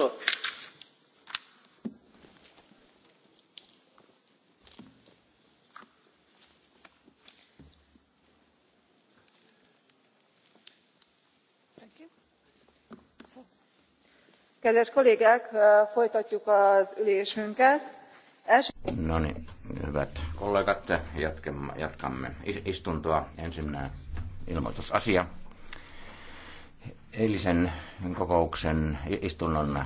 vote. kedves kollégák folytatjuk az ülésünket. no niin hyvät kollegat jatkamme istuntoa. ensimmäinen ilmoitusasia eilisen kokouksen istunnon